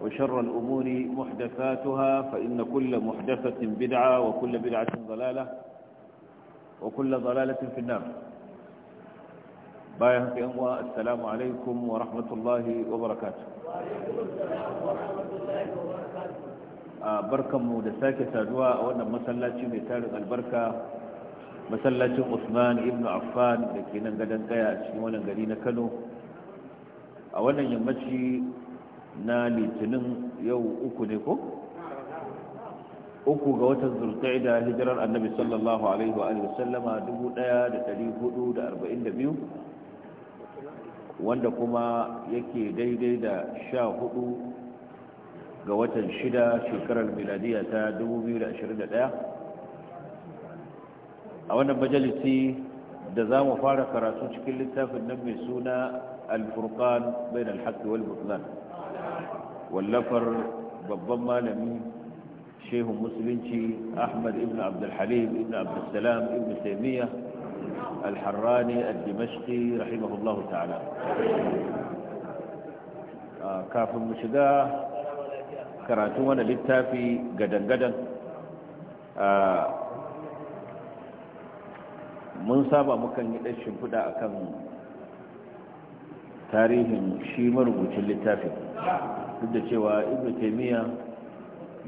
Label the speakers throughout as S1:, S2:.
S1: وشر الأمور محدثاتها فإن كل محدثة بدعة وكل بدعة ضلالة وكل ضلالة في النار في أموى السلام عليكم ورحمة الله وبركاته
S2: وعليكم السلام ورحمة الله وبركاته
S1: بركم مدساك سادوا وأن مسلاتي مثال البركة مسلاتي عثمان ابن عفان لكي ننقل انتهى أشيوانا قلينا كانوا أولا آه، يمشي na litinin yau uku ne ko uku ga watan Zurtai da hijirar annabi sallallahu alaihi wa alihi sallama 1442 wanda kuma yake daidai da 14 ga watan shida shekarar miladiya ta 2021 a wannan majalisi da za mu fara karatu cikin littafin nan mai suna alfurkan furqan bain al-haqqi wal-butlan wallafar babban malami shehun musulunci ahmad ibn abdulhalim ibn abdulsalam ibn taimiyya alharrani al-dimashqi rahimahullahu ta'ala kafin mu shiga karatun wani littafi gadangadan mun saba mukan yi ɗan shimfiɗa akan tarihin shi marubucin littafin duk da cewa ibn taymiya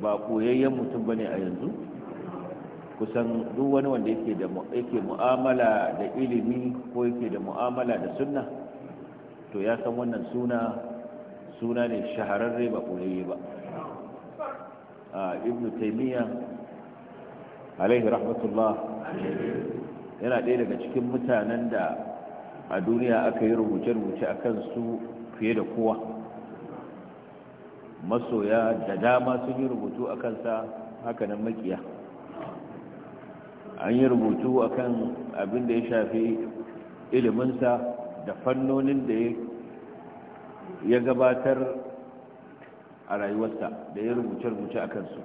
S1: ba koyayyen mutum bane a yanzu kusan duk wani wanda yake yake mu'amala da ilimi ko yake da mu'amala da sunna to ya san wannan suna suna ne shahararre ba koyayye ba a ibn taymiya alaihi rahmatullah yana ɗaya daga cikin mutanen da a duniya aka yi rubuce-rubuce a kan su fiye da kowa masoya da dama sun yi rubutu a kansa hakanan makiya an yi rubutu a kan abin da ya shafi iliminsa da fannonin da ya gabatar a rayuwarsa da ya rubuce-rubuce a kansu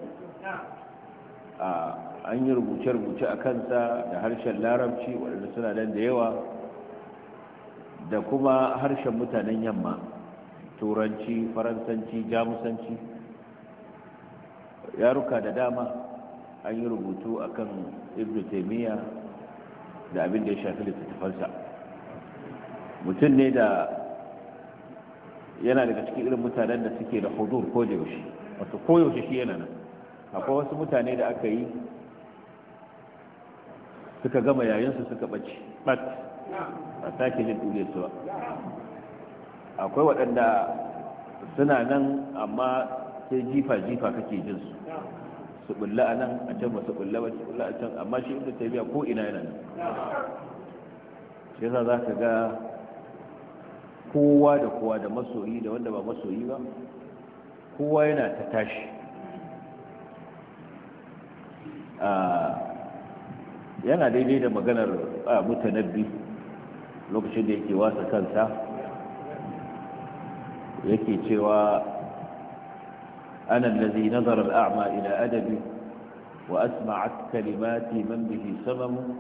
S1: an yi rubuce-rubuce a kansa da harshen larabci waɗanda suna nan da yawa da kuma harshen mutanen yamma turanci faransanci jamusanci yaruka da dama an yi rubutu a kan ibn taimiyya da abin da ya shafi littattafansa mutum ne da yana daga cikin irin mutanen da suke da hudur ko da yaushe wato koyaushe shi yana nan akwai wasu mutane da aka yi suka gama yayinsu suka ɓace ɓat a sake jin duniyarsu ba akwai waɗanda suna nan amma sai jifa-jifa kake jin su su bulla a nan a can ba su bulla ba bulla a can amma shi inda biya ko ina yana nan shi yasa za ka ga kowa da kowa da masoyi da wanda ba masoyi ba kowa yana ta tashi yana daidai da maganar mutanen biyu lokacin da yake wasa kansa yake cewa ana allazi nazara al'a'ma ila adabi wa asma'at kalimati man bihi samamu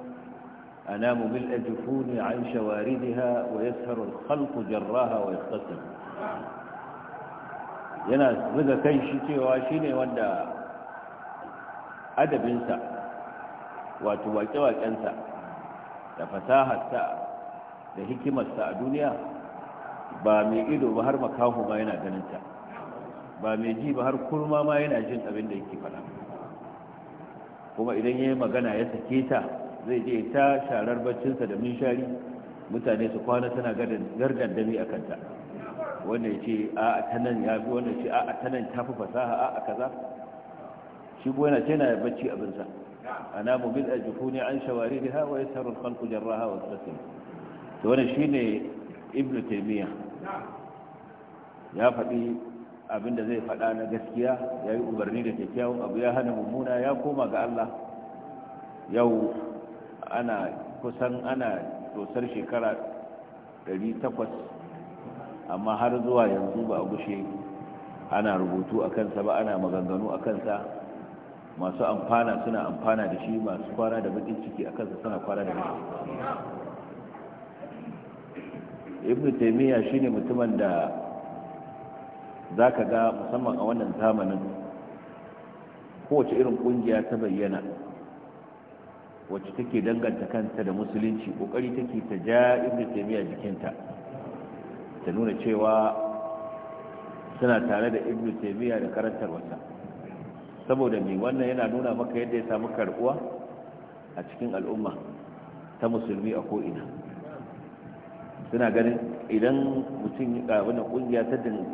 S1: أنام ملء جفوني عن شواردها ويسهر الخلق جراها ويختصم yana zuga kan shi cewa shi ne wanda adabinsa wato waƙe-waƙensa da fasaharsa da hikimarsa a duniya ba mai ido ba har makaho ma yana ganin ta ba mai ji ba har kurma ma yana jin abin da yake faɗa kuma idan ya yi magana ya sake ta zai je ta sharar baccinsa da minshari mutane su kwana tana gardan dami a kanta wanda ya ce a ta nan ya fi wanda ya ce a ta nan ta fi fasaha a a kaza shi kuwa yana ce na bacci abinsa ana mu bil ajihu ne an shawari da hawa ya sarar kalku jarraha wasu sassan. to wani shi ne ibn taimiyya ya faɗi abin da zai faɗa na gaskiya ya yi umarni da kyakkyawan abu ya hana mummuna ya koma ga Allah yau ana kusan ana tosar shekara 800 amma har zuwa yanzu ba a gushe ana rubutu a kansa ba ana maganganu a kansa masu amfana suna amfana da shi masu kwana da bakin ciki a kansa suna kwana da ibnu taymiya shine mutumin da zaka ga musamman a wannan zamanin kowace irin kungiya ta bayyana wacce take danganta kanta da musulunci kokari take ta ja ibnu taymiya jikinta ta nuna cewa suna tare da ibnu taymiya da karantar wata saboda me wannan yana nuna maka yadda ya samu karbuwa a cikin al'umma ta musulmi a ko'ina suna ganin idan mutum ya wani ƙungiya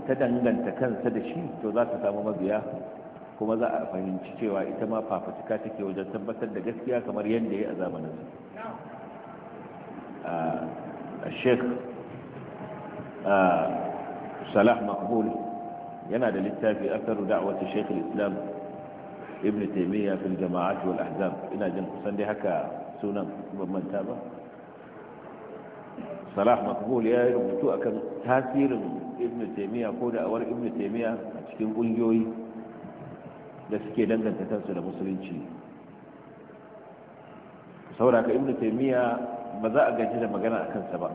S1: ta danganta kansa da shi to za ta samu mabiya kuma za a fahimci cewa ita ma fafatika take wajen tabbatar da gaskiya kamar yadda ya a zamanin su a ah, sheikh ah, salah makbul yana da littafi asaru wata sheikh islam ibn taimiyya fil jama'at wal ahzab ina jin kusan dai haka sunan ban manta ba salah makbul ya rubutu akan tasirin ibn taymiya ko da awar ibn taymiya a cikin ƙungiyoyi da suke danganta kansu da musulunci saboda ka ibn taymiya ba za a gaji da magana a kansa ba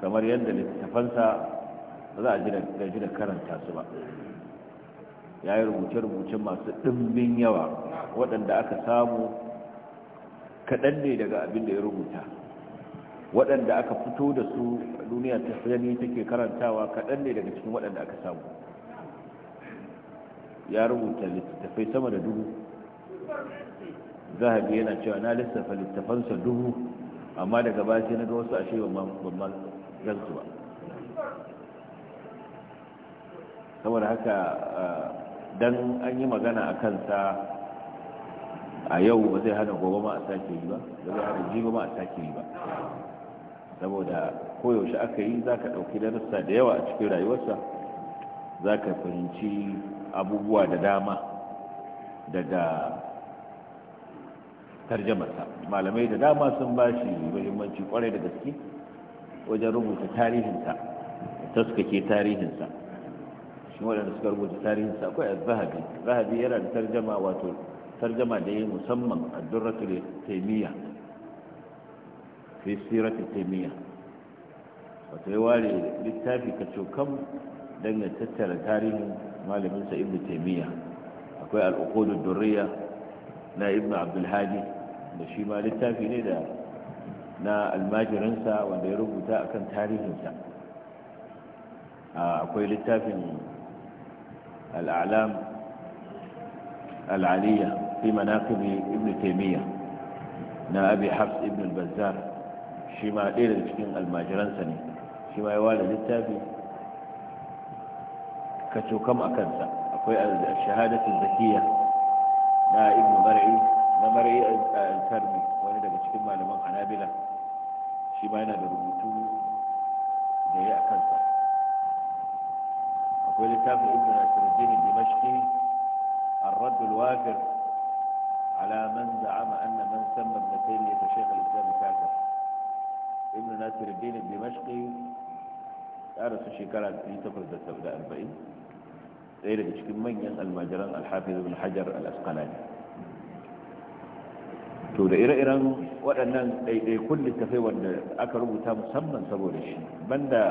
S1: kamar yadda littafansa ba za a gaji da karanta su ba ya yi rubuce-rubuce masu ɗimbin yawa waɗanda aka samu kaɗan ne daga abin da ya rubuta waɗanda aka fito da su duniya ta sani take karantawa kaɗan ne daga cikin waɗanda aka samu ya rubuta littattafai sama da dubu zahabi yana cewa na lissafa littafansa dubu amma daga baya na ga wasu ashe ban gansu ba saboda haka ah, dan an yi magana a kansa a yau ba zai hana gobe ma a sake yi ba ba zai hana jibi ma a sake yi ba saboda koyaushe aka yi za ka ɗauki darussa da yawa a cikin rayuwarsa za ka fahimci abubuwa da dama daga tarjamarsa malamai da dama sun ba shi muhimmanci kwarai da gaske wajen rubuta tarihinsa taskake tarihinsa shi waɗanda suka rubuta tarihinsa akwai a zahabi zahabi yana da tarjama wato tarjama da ya musamman a durratul taimiyya fi sirati taimiyya wato ya ware littafi ka cokan don ya tattara tarihin malaminsa sa ibnu taimiyya akwai al'uqudud durriya na ibnu abdulhadi da shi ma littafi ne da na almajirinsa wanda ya rubuta akan tarihinsa akwai littafin al'alam al'aliyya fi manaqibi ibnu taimiyya na abi hafs ibn al shi ma ɗaya daga cikin almajiransa ne shi ma ya ware littafi ka cokam a kansa akwai shahadatun zakiya na ibn mar'i na mar'i al-karbi wani daga cikin malaman anabila shi ma yana da rubutu da ya a kansa akwai littafin ibn nasiruddin dimashqi al wafir على من زعم أن من سمى ابن تيمية شيخ الإسلام كافر ibn nasir bin dimashqi ya rasu shekara 1840 sai daga cikin manyan almajiran alhafiz ibn hajar al-asqalani to da ire-iren waɗannan ɗaiɗaikun littafai wanda aka rubuta musamman saboda shi banda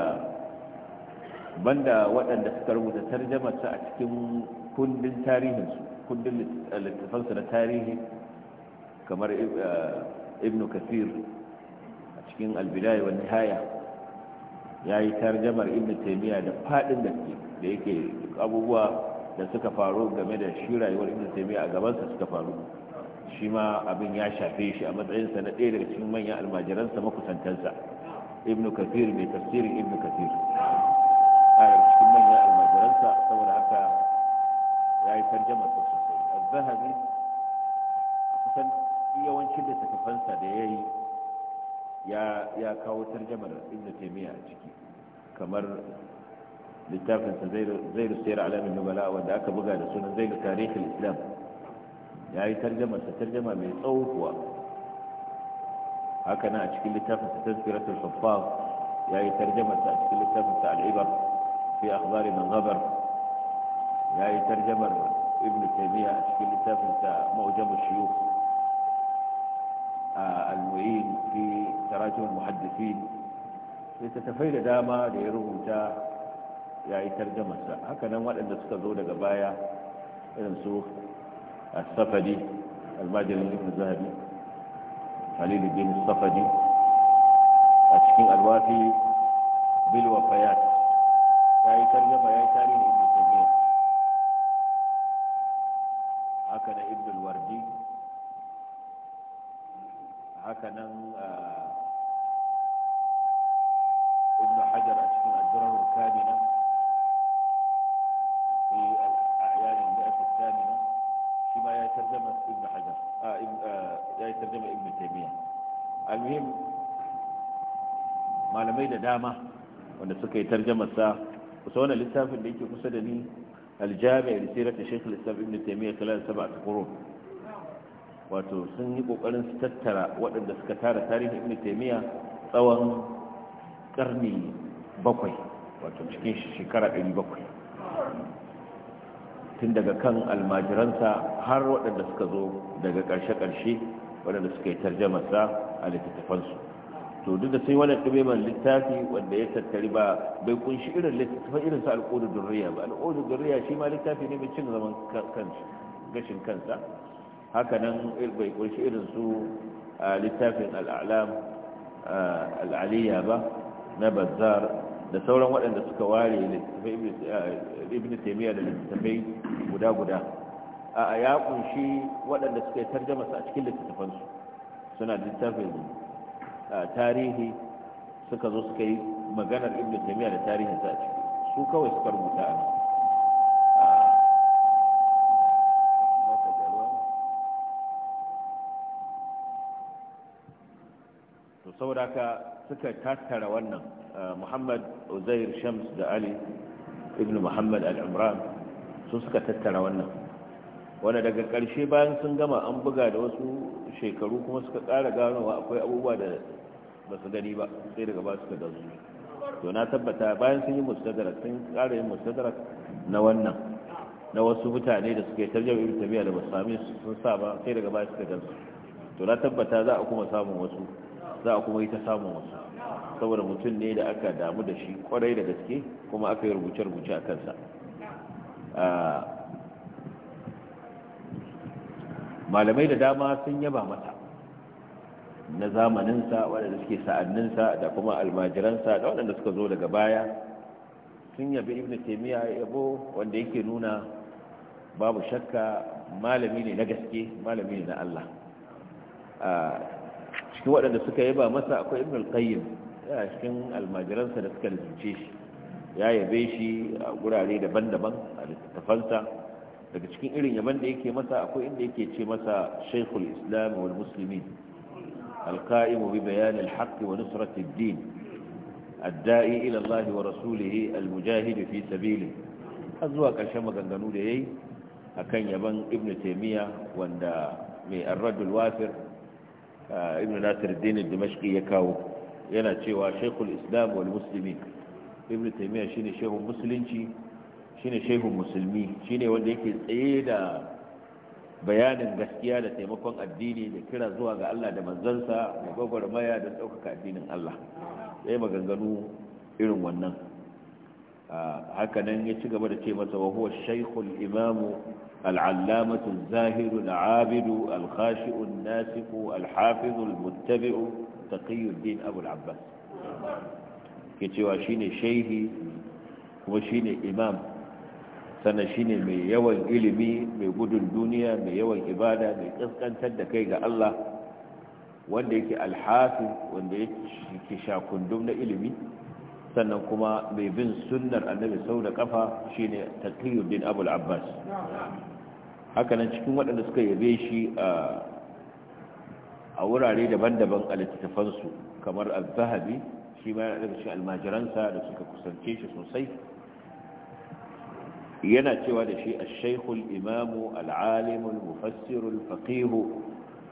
S1: banda waɗanda suka rubuta tarjamarsa a cikin kundin tarihinsu kundin littafansu na tarihi kamar eh, ibn kasir cikin albidaya wani haya ya yi tarjamar ibn taimiyya da faɗin da yake abubuwa da suka faru game da shi rayuwar ibn taimiyya a gabansa suka faru shi ma abin ya shafe shi a matsayinsa na ɗaya daga cikin manyan almajiransa makusantansa ibn kafir mai tafsirin ibn kafir a daga cikin manyan almajiransa saboda haka ya yi tarjamar sosai a zahari a kusan yawancin da littattafansa da ya yi ya kawo tarjamar ibn taymiya a ciki kamar littafin sa zairu sayar alamin nubala wanda aka buga da sunan zairu tarihin islam ya yi tarjamar sa tarjama mai tsawo kuwa haka na a cikin littafinsa sa tazkiratul hufaz ya yi tarjamar sa a cikin littafinsa sa al'ibar fi akhbari man ghabar ya yi tarjamar ibn taymiya a cikin littafinsa sa mu'jamush al-mu'in fi tarajum muhaddisin littattafai da dama da ya rubuta ya yi tarjamarsa hakanan waɗanda suka zo daga baya irin su as-safadi al-majalin ibn zahabi khalil ibn safadi a cikin alwafi bil wafayat ya yi ya yi tarihin ibn ibn haka nan ah, ibn hajar a cikin addurar kamina fi al'ayanin da ake kamina shi ma ya tarjama ibn hajar ya yi tarjama ibn ah, ah, taimiyya almuhim malamai da dama wanda suka yi tarjamarsa kusa wani littafin da yake kusa da ni aljami'a da sirar da shekul islam ibn taimiyya kalar saba a kurun wato sun yi kokarin su tattara waɗanda suka tara tarihin ibn taymiya tsawon karni bakwai wato cikin shekara ɗari bakwai tun daga kan almajiransa har waɗanda suka zo daga ƙarshe-ƙarshe waɗanda suka yi tarjamarsa a littattafansu to duk da sai wani ɗabeman littafi wanda ya tattari ba bai kunshi irin littattafan irinsa al'udu durriya ba al'udu durriya shi ma littafi ne mai cin zaman gashin kansa hakanan bai kunshi irin su littafin al'alam al'aliya ba na bazar da sauran waɗanda suka ware ibn taimiyya da littattafai guda-guda a ya kunshi waɗanda suka yi tarjama su a cikin littattafansu suna littafin tarihi suka zo suka yi maganar ibn taimiyya da tarihinsa a ciki su kawai suka rubuta a nan saboda ka suka tattara wannan eh, muhammad uzair shams da ali ibn muhammad al-imran su suka tattara wannan wanda daga ƙarshe bayan sun gama an buga da wasu shekaru kuma suka ƙara ganowa akwai abubuwa da ba su gani ba sai daga ba suka gazu to na tabbata bayan sun yi mustadara sun ƙara yin mustadara na wannan na wasu mutane da suke tarjama ibn tabiya da basu sami sun sa ba sai daga ba suka gazu to na tabbata za a kuma samun wasu za a kuma yi ta samun wasu saboda mutum ne da aka damu da shi kwarai da gaske kuma aka yi rubuce-rubuce a kansa malamai da dama sun yaba mata na zamaninsa waɗanda suke sa'anninsa da kuma almajiransa da waɗanda suka zo daga baya sun yabi ibn taimiyya yabo wanda yake nuna babu shakka malami ne na gaske malami ne na Allah cikin waɗanda suka yaba masa akwai ibn al-qayyim ya cikin almajiransa da suka rubuce shi ya yabe shi a gurare daban-daban a littafansa daga cikin irin yabanda da yake masa akwai inda yake ce masa shaykhul islam wal musulmi alqa'im bi bayan al-haqq wa nusrat ad-din ad-da'i ila Allah wa rasulihi al-mujahid fi sabilihi azuwa karshe maganganu da yayi akan yabon ibnu taymiya wanda mai ar-radd ibn nasir dinin dimashqi ya kawo yana cewa shaykhul islam wal muslimin ibn taymiya shine shehun musulunci shine shehun musulmi shine wanda yake tsaye da bayanin gaskiya da taimakon addini da kira zuwa ga Allah da manzansa da gwagwarmaya da ɗaukaka addinin Allah sai maganganu irin wannan haka nan ya ci gaba da ce masa wa huwa shaykhul imam al-allamah az-zahir al-abid al-khashi' an al abu al ke cewa shine shaihi kuma shine imam sannan shine mai yawan ilimi mai gudun duniya mai yawan ibada mai kaskantar da kai ga Allah wanda yake alhafi wanda yake shakundum na ilimi sannan kuma mai bin sunnar annabi sau da kafa shi ne taqiyuddin abul abbas haka nan cikin waɗanda suka yabe shi a wurare daban-daban a littattafansu kamar al-zahabi shi ma yana daga cikin almajiransa da suka kusance shi sosai yana cewa da shi al-shaykhul imamu al'alimul mufassirul faqihu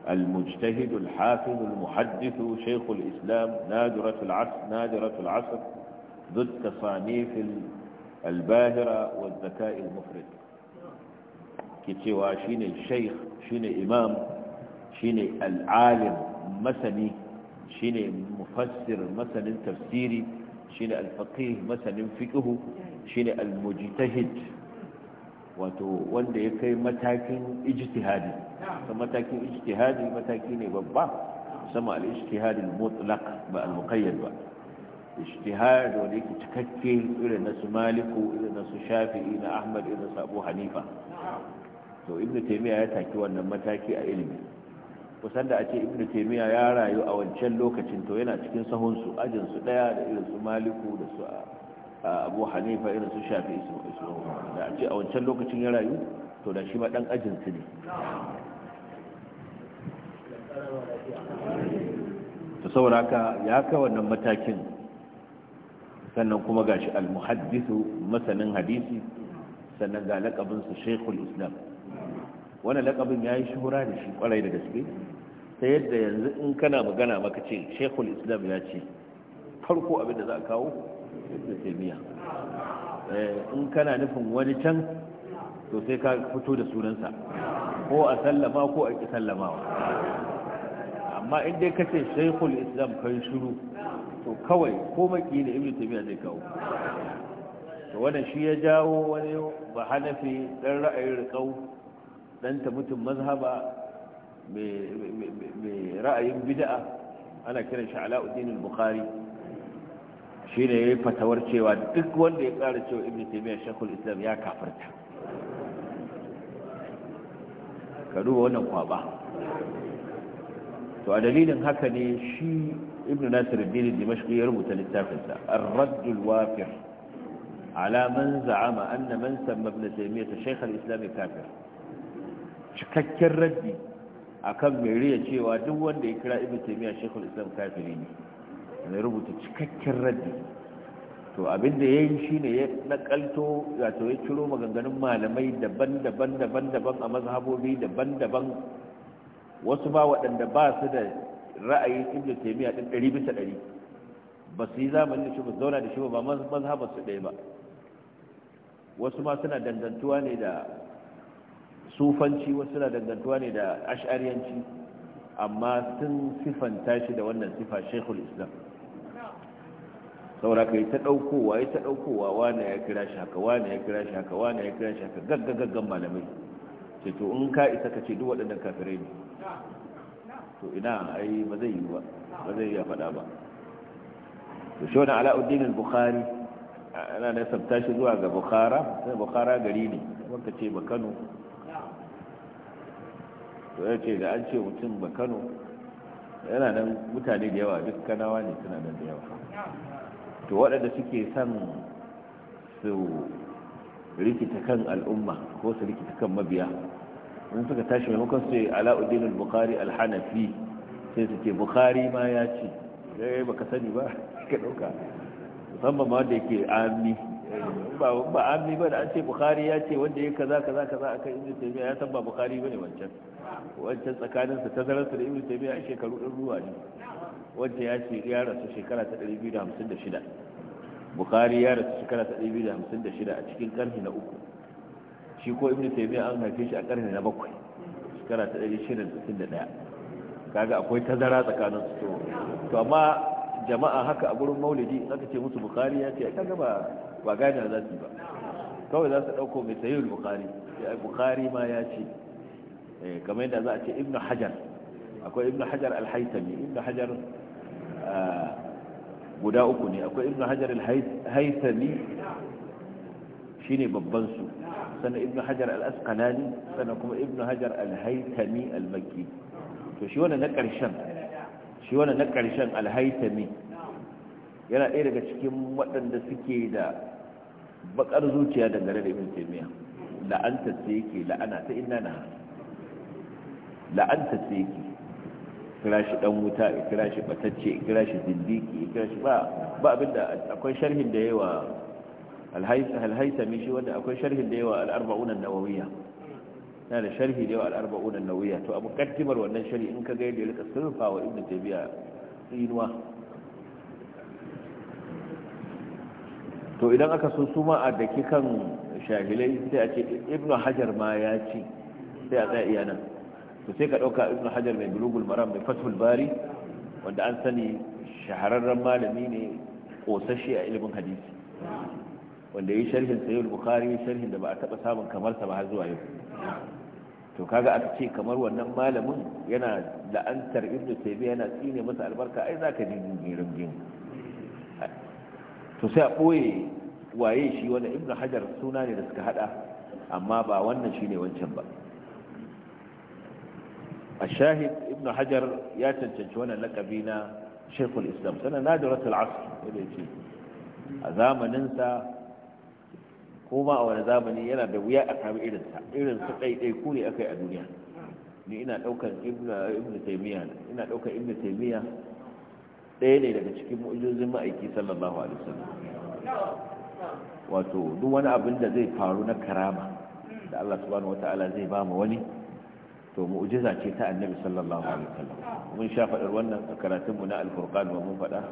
S1: المجتهد الحافظ المحدث شيخ الإسلام نادرة العصر, نادرة العصر ذو التصانيف الباهرة والذكاء المفرد كتوا شين الشيخ شين إمام شين العالم مثلي شين مفسر مثلا تفسيري شين الفقيه مثلا فقه شين المجتهد وتو وند يكي متاكين اجتهادي نعم. فمتاكين اجتهادي متاكين ببا سمع الاجتهاد المطلق بقى المقيد بقى ijtihad wanda yake cikakke irin na su maliku irin na su shafi'i na ahmad irin su abu hanifa to ibn taymiya ya taki wannan mataki a ilimi kusan da a ce ibn taymiya ya rayu a wancan lokacin to yana cikin sahun ajin su daya da irin su maliku da su abu hanifa irin su shafi'i su da a ce a wancan lokacin ya rayu to da shi ma dan ajin ne ya kai wannan matakin sannan kuma ga al-muhaddisu masanin hadisi sannan ga laƙabinsa shekul islam wani laƙabin ya yi shuhura da shi kwarai da gaske ta yadda yanzu in kana magana maka ce shekul islam ya ce farko abin da za a kawo da taimiyya eh, in kana nufin wani can to sai ka fito da sunansa ko a sallama ko a ƙi sallamawa amma in dai ka ce shekul islam kai shuru to kawai ko maki da ibnu tabiya zai kawo to wannan shi ya jawo wani ba hanafi dan ra'ayin riqau dan ta mutum mazhaba mai ra'ayin bid'a ana kiran shi Alauddin al-Bukhari shi ne yayi fatawar cewa duk wanda ya ƙara cewa ibnu tabiya shakul islam ya kafirta ka duba wannan kwaba to a dalilin haka ne shi ibn nasir bin dimashqi ya rubuta littafinsa ar-radd al-wafir ala man za'ama anna man samma ibn ta shaykh al-islam kafir cikakken raddi akan mai riya cewa duk wanda ya kira ibn taymiyyah shaykh al-islam kafiri ne ya rubuta cikakken raddi to abinda ya yi shi ne ya nakalto wato ya ciro maganganun malamai daban-daban daban-daban a mazhabobi daban-daban wasu ba waɗanda ba su da ra'ayin ibnu taymiya din 100 bisa 100 ba su yi zamanin da shi ba zauna da shi ba mazhabar su dai ba wasu ma suna dangantuwa ne da sufanci wasu suna dangantuwa ne da ash'ariyanci amma sun sifanta shi da wannan sifa shaykhul islam saura kai ta daukowa ya ta daukowa wani ya kira shi haka wani ya kira shi haka wani ya kira shi haka gaggagaggan malamai ce to in ka isa ka ce duk waɗannan kafirai ne to ina ai ba zai yi ba ba zai iya faɗa ba to shi wani ala'uddin al-bukhari ana da sabta shi zuwa ga bukhara sai bukhara gari ne wanda ce ba kano to ya ce da an ce mutum ba kano yana nan mutane da yawa duk kanawa ne suna nan da yawa to waɗanda suke son su rikita kan al'umma ko su rikita kan mabiya in suka tashi maimakon su ce bukari al-bukhari al-hanafi sai su ce bukhari ma ya ce sai eh, baka sani ba ka dauka musamman ma wanda yake ami ba ami ba da an ce bukhari ya ce wanda ya kaza kaza kaza a kan inda taymiya ya san ba bukhari bane wancan wancan tsakanin ta tazarar da inda taymiya a shekaru ɗin ruwa ne wanda ya ce ya rasu shekara ta ɗari biyu da da hamsin shida bukhari ya rasu shekara ta ɗari biyu da da hamsin shida a cikin karni na uku shi ko ibnu taymiya an haife shi a karni na bakwai shekara ta 1661 kaga akwai tazara tsakanin su to amma jama'a haka a gurin maulidi aka ce musu bukhari ya ce kaga ba ba gane za su ba kawai za su dauko mai sahihul bukhari sai bukhari ma ya ce eh, kamar yadda za a ce ibnu hajar akwai ibnu hajar al-haytami ibnu hajar ah, guda uku ne akwai ibnu hajar al-haytami shine babban su Sana ibnu hajar al-asqalani sannan kuma ibnu hajar al-haytami al-makki to shi wannan na ƙarshen shi wannan na ƙarshen al-haytami yana ɗaya daga cikin waɗanda suke da bakar zuciya dangane da ibn taymiya la'anta ce yake la'ana ta inna na la'anta ce yake kira shi dan wuta kira shi batacce kira shi zindiki kira shi ba ba abinda akwai sharhin da yawa alhaisami shi wanda akwai sharhin da yawa al'arba'unan nawawiya na da sharhi da yawa al'arba'unan nawawiya to a mukaddimar wannan shari in ka gaida rika surfa wa ibn tabiya inuwa. to idan aka so su ma a daki kan shahilai sai a ce ibn hajar ma ya ci sai a tsaya iya nan to sai ka ɗauka ibn hajar mai bulugul maram mai fatul bari wanda an sani shahararren malami ne ƙosashe a ilimin hadisi wanda ya yi sharhin sayyid bukhari sharhin da ba a taba samun kamar ba har zuwa yau to kaga aka ce kamar wannan malamin yana la'antar ibnu taymiya yana tsine masa albarka ai zaka ji jinjirin jin to sai a boye waye shi wanda ibnu hajar suna ne da suka hada amma ba wannan shine wancan ba الشاهد ابن حجر ياتنتج وانا لك بينا شيخ الإسلام سنة نادرة العصر يقول زامن ننسى ko ma a wani zamani yana da wuya a samu irin sa irin su ɗaiɗai ku ne akai a duniya ni ina ɗaukar ibn taymiya ina ɗaukar ibn taymiya ɗaya ne daga cikin mu'jizin ma'aiki sallallahu alaihi wasallam wato duk wani abin da zai faru na karama da Allah subhanahu wataala zai ba mu wani to mu'jiza ce ta annabi sallallahu alaihi wasallam mun sha faɗar wannan a karatunmu na al-furqan wa mun faɗa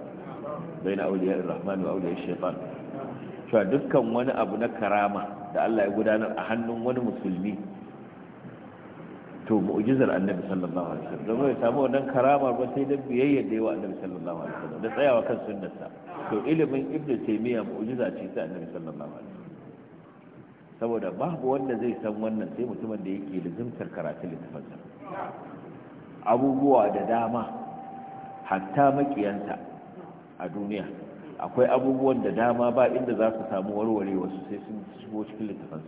S1: baina awliya ar-rahman wa awliya ash cewa dukkan wani abu na karama da Allah ya gudanar a hannun wani musulmi to mu'jizar annabi sallallahu alaihi wasallam zama ya samu wannan karamar ba sai dan biyayya da yawa annabi sallallahu alaihi wasallam da tsayawa kan sunnarsa to ilimin ibnu taymiya mu'jiza ce ta annabi sallallahu alaihi wasallam saboda babu wanda zai san wannan sai mutumin da yake lazimtar karatu littafansa abubuwa da dama hatta makiyansa a duniya akwai abubuwan da dama ba inda za su samu warware wasu sai sun shigo cikin su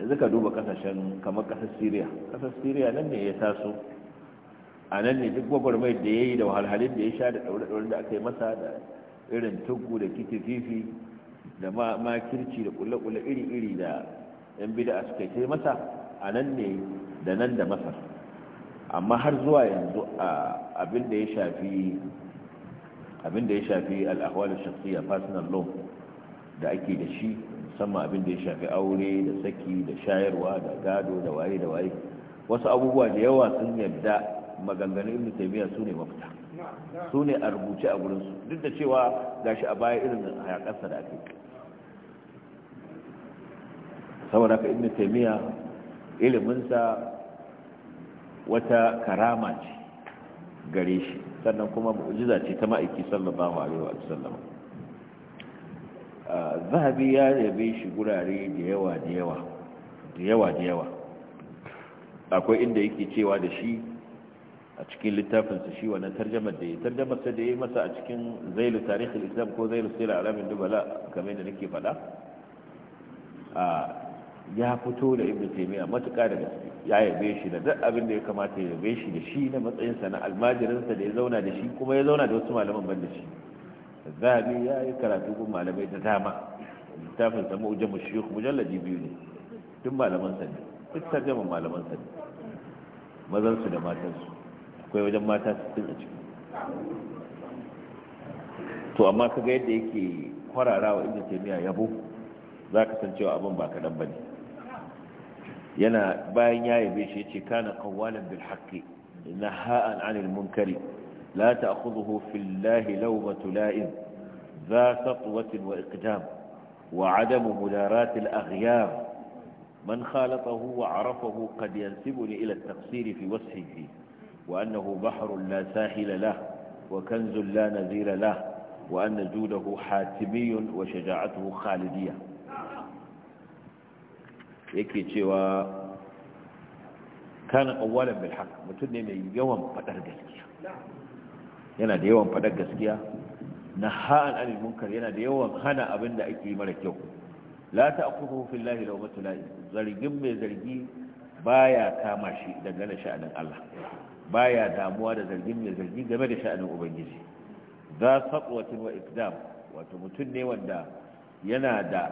S1: yanzu ka duba kasashen kamar kasar syria kasar syria nan ne ya taso a nan ne duk gwagwarmai da ya yi da wahalhalin da ya sha da ɗaure-ɗaure da aka yi masa da irin tuggu da kitififi da makirci da kule-kule iri-iri da yan bida suka yi masa a nan ne da nan da masar amma har zuwa yanzu a abin da ya shafi abin da ya shafi al'ahwal shakhsiyya personal law da ake da shi musamman abin da ya shafi aure da saki da shayarwa da gado da waye da waye wasu abubuwa da yawa sun yadda maganganun ibn taymiya su mafita sune a rubuce a su duk da cewa gashi a baya irin hayakarsa da ake saboda ka ibn taymiya iliminsa wata karama ce gare shi sannan kuma mu'jiza ce ta ma'aiki sallallahu alaihi wa sallam ah, zahabi ya yabe shi gurare da yawa da yawa da yawa da yawa akwai inda yake cewa da shi a cikin littafinsa shi wannan tarjamar da ya tarjuma sa da ya masa a cikin zailu tarihul islam ko zailu sira alamin dubala kamar da nake faɗa ah, ya fito da ibnu taymiya matuƙa da gaske ya yabe shi da duk abin da ya kamata ya yabe shi da shi na matsayinsa na almajirinsa da ya zauna da shi kuma ya zauna da wasu malaman ban da shi zabi ya yi karatu gun malamai da dama littafin mu mu'jam kuma mujalladi biyu ne duk malaman sa ne duk tarjaman malaman sa ne mazan su da matan su akwai wajen mata 60 a ciki to amma kaga yadda yake kwararawa inda taymiya yabo zaka san cewa abin ba kadan bane yana bayan ya yabe shi yace kana qawwalan bil haqqi naha'an 'anil munkari la ta'khudhuhu fillahi ذا سطوة وإقدام وعدم مداراة الأغيار من خالطه وعرفه قد ينسبني إلى التقصير في وصفه وأنه بحر لا ساحل له وكنز لا نذير له وأن جوده حاتمي وشجاعته خالدية yake cewa kana awwalan bil haqq mutum ne mai yawan fadar gaskiya yana da yawan fadar gaskiya na ha'an alil munkar yana da yawan hana abin da ake mara kyau la ta'khudhu fillahi lawmatu la'im zargin mai zargi baya kama shi daga dangane sha'anin Allah baya damuwa da zargin mai zargi game da sha'anin ubangiji za saqwatin wa ikdam wato mutum ne wanda yana da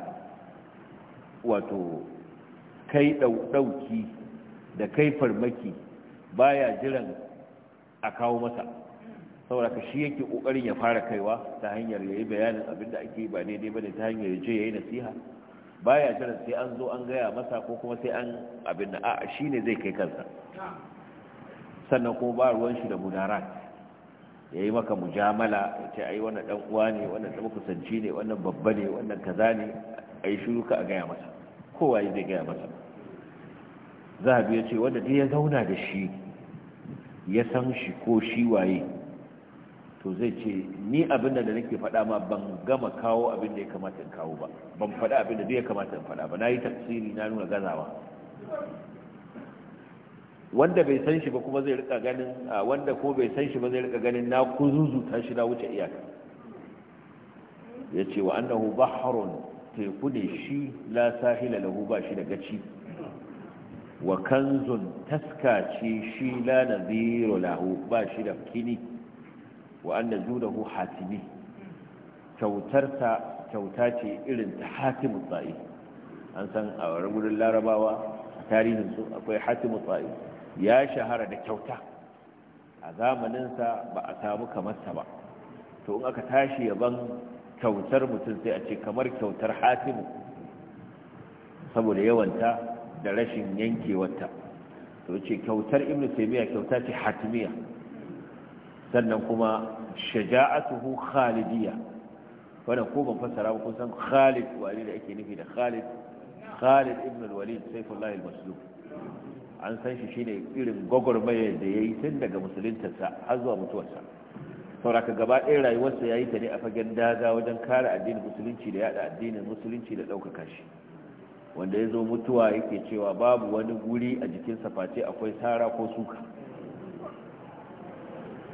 S1: wato kai ɗauki da kai farmaki baya jiran a kawo masa saboda ka shi yake ƙoƙarin ya fara kaiwa ta hanyar ya yi bayanin abin da ake ba ne ba ne ta hanyar ya je ya yi nasiha baya jiran sai an zo an gaya masa ko kuma sai an abin da a shi ne zai kai kansa sannan kuma ba ruwan shi da mudarat ya yi maka mujamala ya ce ai wannan dan uwa ne wannan dan kusanci ne wannan babba ne wannan kaza ne ai shiru ka a gaya masa kowa zai gaya masa zahabi ya ce wanda dai ya zauna da shi ya san shi ko shi waye to zai ce ni abinda da nake faɗa ma ban gama kawo abinda ya kamata in kawo ba ban fada abinda da ya kamata in fada ba na yi tafsiri na nuna gazawa wanda bai san shi ba kuma zai rika ganin wanda ko bai san shi ba zai rika ganin na kuzuzuta shi na wuce iyaka ya ce wa annahu bahrun teku ne shi la sahila lahu ba shi da gaci wa kanzun taskace shi la nadhiru lahu ba shi da kini wa anna judahu hatimi kyautarsa kyauta ce irin ta hatimu tsa'i an san a wurin larabawa a tarihin su akwai hatimu tsa'i ya shahara da kyauta a zamaninsa ba a samu kamarsa ba to in aka tashi yaban kyautar mutum sai a ce kamar kyautar hatimu saboda yawanta da rashin yankewarta to ce kyautar ibnu taymiya kyauta ce hatmiya sannan kuma shaja'atuhu khalidiyya wannan ko ban fassara ba kun san Khalid wali da ake nufi da Khalid Khalid ibn al-Walid Saifullah al-Maslum an san shi shine irin gogormaye da yayi tun daga musuluntarsa har zuwa mutuwarsa ka gaba ɗaya rayuwarsa yi ta ne a fagen daga wajen kare addinin musulunci da yada addinin musulunci da ɗaukaka shi wanda ya zo mutuwa yake cewa babu wani guri a jikinsa face akwai tsara ko suka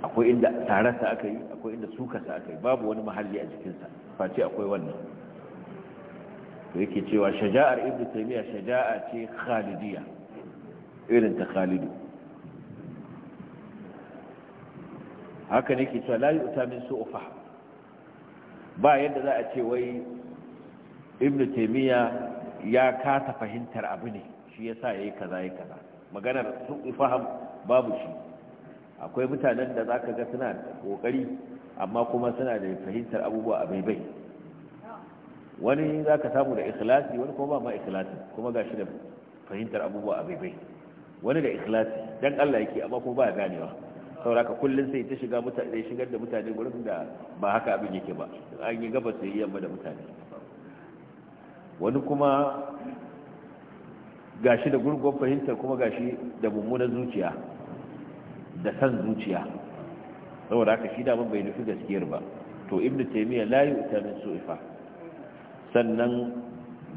S1: akwai inda tararsa aka yi akwai inda sukarsa aka yi babu wani mahalli a jikinsa face akwai wannan da yake cewa shaja'ar ibn taymiya shaja'a ce khalidiya irin ta khalidi haka ne ke cewa la yu'ta min su'fa ba yadda za a ce wai ibn taymiya ya kasa fahimtar abu ne shi ya sa ya yi kaza ya kaza maganar sun faham babu shi akwai mutanen da za ka ga suna kokari amma kuma suna da fahimtar abubuwa a bai wani za ka samu da ikhlasi wani kuma ba ma ikhlasi kuma ga shi da fahimtar abubuwa a bai wani da ikhlasi don Allah yake amma kuma ba ganewa saboda ka kullum sai ta shiga mutane shigar da mutane gurin da ba haka abin yake ba an yi gaba yi yamma da mutane wani kuma gashi da gurgun fahimta kuma gashi da mummunan zuciya da san zuciya saboda haka shi daman bai nufi gaskiyar ba to ibnu taymiya la yu'ta min su'ifa sannan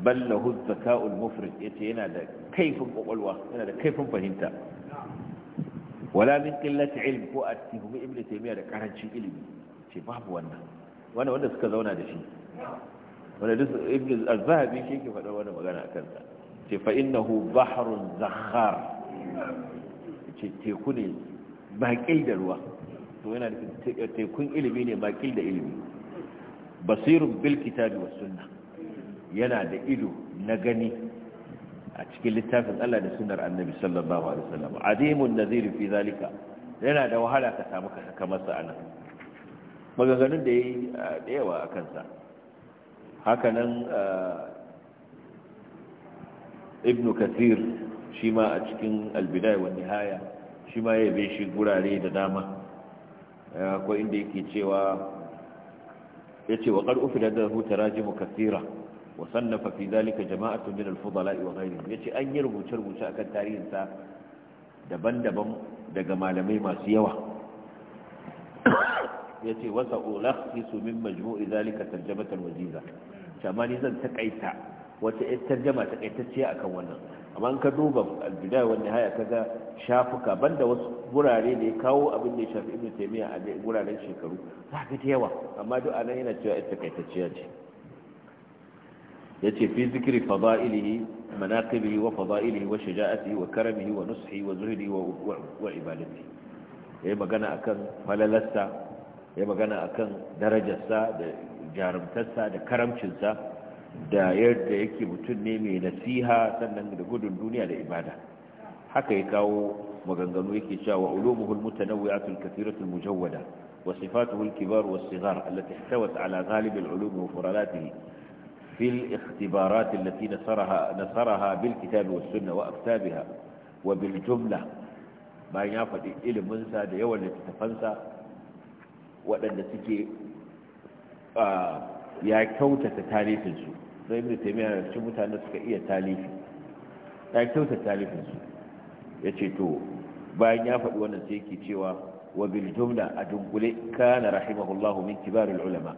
S1: ballahu zakaul mufrid yace yana da kaifin kokolwa yana da kaifin fahimta wala min qillati ilm ko atihum ibnu taymiya da karancin ilimi ce babu wannan wanda wanda suka zauna da shi wanda duk ibn al-zahabi shi ke faɗa wani magana a kansa ce fa innahu bahrun zakhar ce teku ne baƙil da ruwa to yana da tekun ilimi ne baƙil da ilimi basirun bil kitabi was sunna yana da ido na gani a cikin littafin Allah da sunnar annabi sallallahu alaihi wasallam adimun nadhir fi zalika yana da wahala ka samu ka saka masa anan maganganun da yayi ah, da yawa akan sa hakanan uh, ibn kathir shi ma a cikin albidai wa nihaya shi ma ya yabe shi gurare da dama akwai inda yake cewa ya ce wa ƙar'ufi da ta raji rajimu kathira wa sannafa fi zalika tun min al wa ghayrihim yace an yi rubuce-rubuce akan tarihinsa daban-daban daga malamai masu yawa yace wasa su min majmu'i zalika tarjamatan wajiza amma ni zan takaita wata ya tarjama takaitacciya akan wannan amma in ka duba al-bidaya wanda haya kaga shafuka banda wasu gurare da ya kawo abin da ya shafi ibnu taymiya a guraren shekaru za ka ta yawa amma duk anan yana cewa yar takaitacciya ce yace fi zikri fadailihi manaqibihi wa fadailihi wa shaja'atihi wa karamihi wa nushihi wa zuhdihi wa ibadatihi yayi magana akan falalasta. ya magana akan darajarsa da jarumtarsa da karamcinsa da yadda yake mutum ne mai nasiha sannan da gudun duniya da ibada haka ya kawo maganganu yake cewa ulumuhul mutanawwi'atul kathiratul mujawwada wa sifatuhul kibar was sighar allati ihtawat ala ghalibil al ulum wa furalatihi في الاختبارات التي نصرها, نصرها بالكتاب والسنة وأكتابها وبالجملة ما ينافد إلي منسى ديوان لتتفنسى waɗanda suke ya kyautata talifinsu zai da taymiya da cikin mutane suka iya talifi ya kyautata talifinsu ya ce to bayan ya faɗi wannan sai ke cewa wa bil jumla a dunkule kana rahimahullahu min kibarul ulama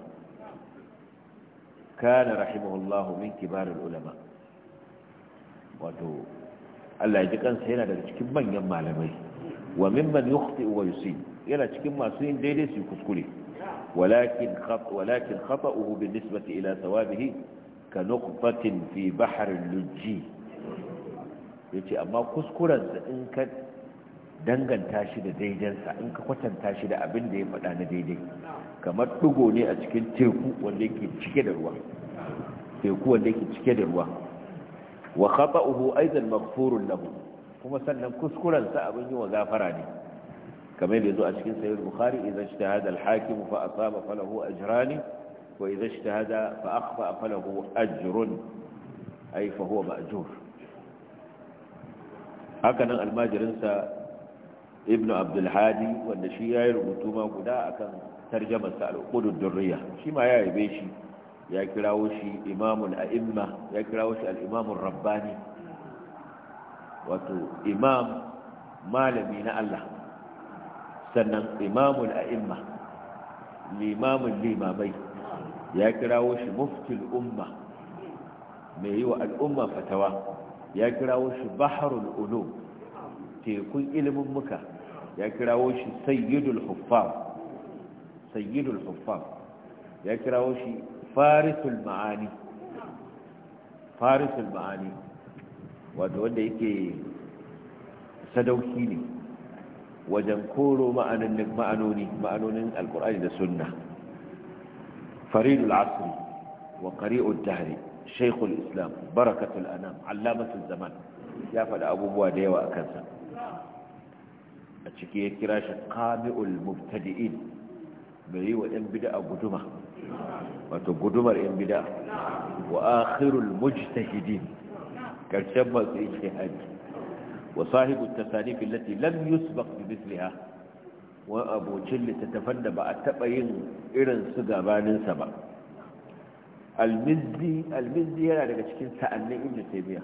S1: kana rahimahullahu min kibarul ulama wato Allah ya ji kansa yana daga cikin manyan malamai wa mimman yukhti wa yusib yana cikin masu yin daidai su kuskure walakin khat walakin khata'uhu bin nisbati ila sawabihi ka nuqtatin fi baharin lujji yace amma kuskuren sa in ka danganta shi da daidansa in ka kwatanta shi da abin da ya faɗa na daidai kamar ɗigo ne a cikin teku wanda yake cike da ruwa teku wanda yake cike da ruwa wa khata'uhu aidan maghfurun lahu kuma sannan kuskuren sa abin yi wa gafara ne kamar da zo a cikin sahih bukhari idan ijtihada hada hakim fa asaba falahu a ajran ko idan hada fa akhfa falahu ajrun ay fa huwa ma'jur haka nan almajirinsa sa ibnu abdul hadi wanda shi yi rubutu ma guda akan tarjamar sa al-qudud durriya shi ma ya yabe shi ya kirawo shi imamul a'imma ya kirawo shi al rabbani wato imam malami na Allah sannan imamul a'imma limamun limamai ya kirawo shi muftil umma mai yi wa al'umma fatawa ya kirawo shi baharul ulu tekun ilimin muka ya kirawo shi sayyidul huffam sayyidul huffam ya kirawo shi farisul ma'ani farisul ma'ani wato wanda yake sadauki ne wajen koro ma'anoni ma'anonin alkur'ani da sunna faridul asri wa qari'ud dahri shaykhul islam barakatul anam allamatul zaman ya faɗi abubuwa da yawa a kansa a ciki ya kira shi qami'ul mubtadi'in mai yi wa ɗan bid'a guduma wato gudumar ɗan bid'a wa akhirul mujtahidin ƙarshen masu ijtihadi وصاحب التصانيف التي لم يسبق بمثلها وابوجل تتفند ba a taba yin irin su gabanin sa ba al yana daga cikin sa'annin ibnu taymiya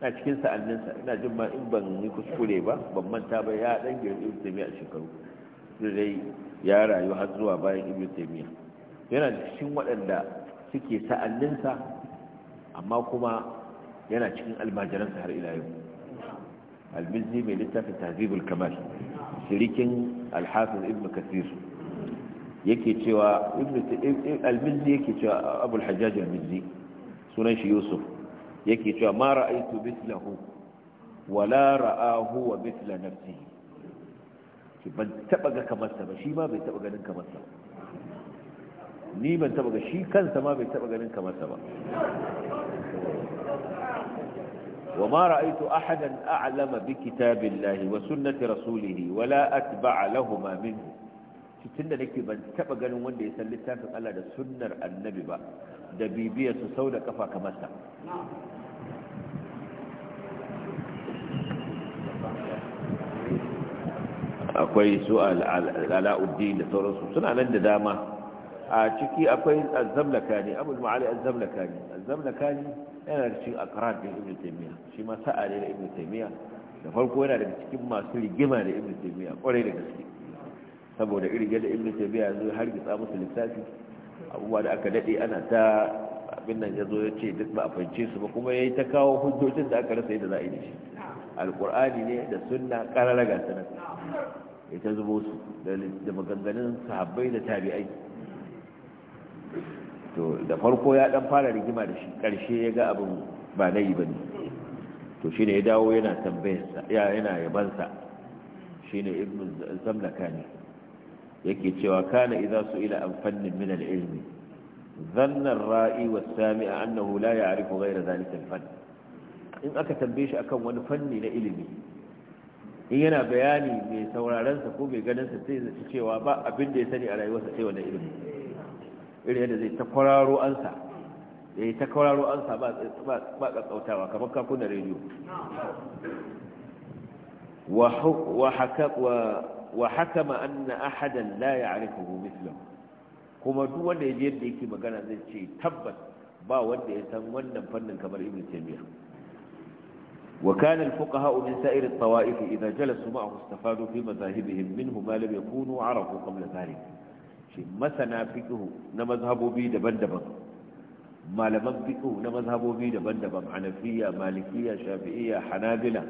S1: na cikin sa'annin sa ina jin ma in ban yi kuskure ba ban manta ba ya dan girin ibnu taymiya shekaru dai ya rayu har zuwa bayan ibnu taymiya yana cikin waɗanda suke sa'annin sa amma kuma yana cikin almajiransa har ila yau almizni mai littafin tahzibul kamal shirikin alhafiz ibn kasir yake cewa almizni yake cewa abul hajjaj almizni sunan shi yusuf yake cewa ma ra'aytu mithlahu wala ra'ahu wa mithla nafsihi ban taba ga kamarsa ba shi ma bai taba ganin kamar sa ba ni ban taba ga shi kansa ma bai taba ganin kamar sa ba وما رأيت أحدا أعلم بكتاب الله وسنة رسوله ولا أتبع لهما منه tun da nake ban taba ganin wanda ya san littafin Allah da sunnar annabi ba da bibiyar su sau da kamar akwai su da sauransu suna nan da dama a ciki akwai azzamlakani abul ma'ali azzamlakani azzamlakani yana da cikin akarar da ibn taimiyya shi ma sa'a ne da ibn taimiyya da farko yana daga cikin masu rigima da ibn taimiyya kwarai da gaske saboda irge da ibn taimiyya zai har gitsa musu lissafi abubuwa da aka daɗe ana ta abin nan ya zo ya ce duk ba a fahimce su ba kuma ya yi ta kawo hujjojin da aka rasa yadda za a yi da shi alƙur'ani ne da sunna karara ga sana ya ta zubo su da maganganun sahabbai da tabi'ai to da farko ya dan fara rigima da shi karshe ya ga abin ba na yi ba ne to shi ne ya dawo yana tambayarsa ya yana yabansa Shi shine ibn zamlakani yake cewa kana idza su'ila an fannin min al-ilmi dhanna ar-ra'i was-sami'a annahu la ya'rifu ghayra dhalika al-fann in aka tambaye shi akan wani fanni na ilimi in yana bayani mai sauraron sa ko mai ganin sa sai ya cewa ba abin da ya sani a rayuwarsa sai wannan ilimi irin yadda zai ta kwararo ansa ya ta kwararo ansa ba kakkautawa kamar kakun da rediyo wa haka ma'anna ahadan la ya arifahu mislam kuma duk wanda ya je yadda yake magana zai ce tabbas ba wanda ya san wannan fannin kamar ibn taymiyyah وكان الفقهاء من سائر الطوائف إذا جلسوا معه استفادوا في مذاهبهم منه ما لم يكونوا عرفوا قبل ذلك ce masana fiqhu na mazhabobi daban-daban malaman fiqhu na mazhabobi daban-daban hanafiya malikiya shafi'iyya hanabila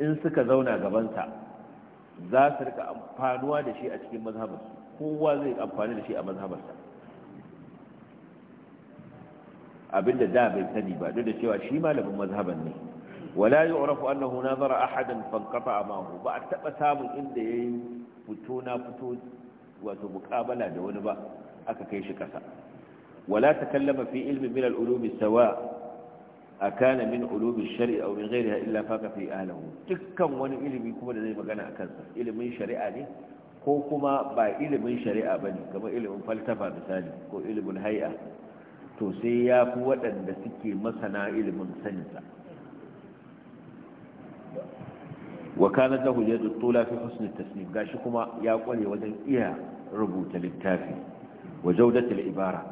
S1: in suka zauna gabansa za su rika amfanuwa da shi a cikin mazhabar kowa zai amfani da shi a mazhabarsa abinda da bai sani ba duk da cewa shi malamin mazhaban ne wala yu'rafu annahu nazara ahadan fanqata ma'ahu ba a taba samun inda yayi fito na fito wato mukabala da wani ba aka kai shi kasa wala takallama fi ilmin min al-ulumi sawa akana min ulumi shari'a aw min ghayriha illa faqa fi ahlihi dukkan wani ilimi kuma da zai magana a kansa, ilimin shari'a ne ko kuma ba ilimin shari'a ne, kamar ilimin falsafa misali ko ilimin hay'a to sai ya fi waɗanda suke masana ilimin saninsa wa kana zahu yadu tula fi husn tasnim gashi kuma ya kware wajen iya rubuta littafi wa jaudatul ibara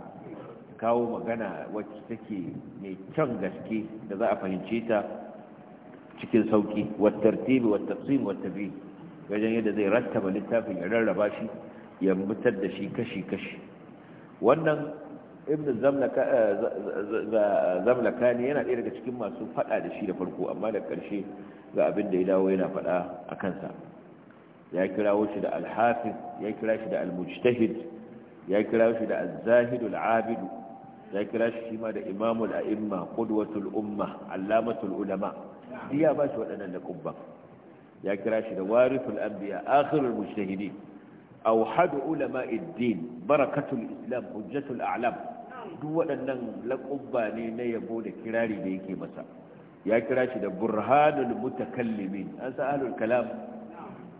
S1: kawo magana wacce take mai kyan gaske da za a fahimce ta cikin sauki wata tartibi wata tafsim wata tabi gajen yadda zai rattaba littafin ya rarraba shi ya mutar da shi kashi kashi wannan ibn eh, ne yana ɗaya daga cikin masu faɗa da shi da farko amma da ƙarshe ga abin da ya dawo yana faɗa a kansa ya kira shi da alhafiz ya kira shi da almujtahid ya kira shi da azzahidul abid ya kira shi ma da imamul a'imma qudwatul umma allamatul ulama diya ba shi waɗannan da ya kira shi da warithul anbiya akhirul mujtahidin awhad ulama din barakatul islam hujjatul a'lam duk waɗannan laƙubba ne na yabo da kirari da yake masa ya kira shi da burhanul mutakallimin an sa ahlul kalam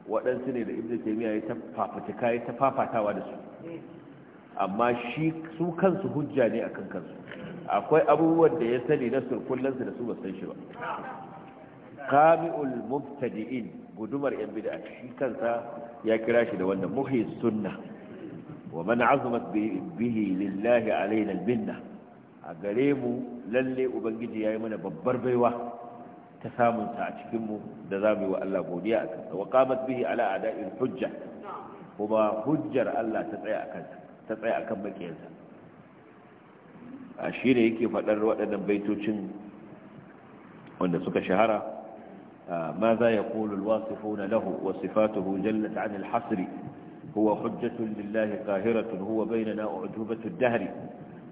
S1: waɗansu ne da ibn taymiya ya fafatuka ya fafatawa da su amma shi su kansu hujja ne akan kansu akwai abubuwan da ya sani na surkullansu da su ba san shi ba kami'ul mubtadi'in gudumar yan bid'a shi kansa ya kira shi da wannan muhi sunna wa man azumat bihi lillahi alaina albinna a gare mu lalle ubangiji yayi mana babbar baiwa تسامن تعجكمه دذابي وألا كذا وقامت به على أعداء الحجة وما حجر ألا تطعيعك تطعيعك مكيزا أشيري هيكي فأدر وقت نبيتوشن وأن سك شهرة ماذا يقول الواصفون له وصفاته جلت عن الحصر هو حجة لله قاهرة هو بيننا أعجوبة الدهر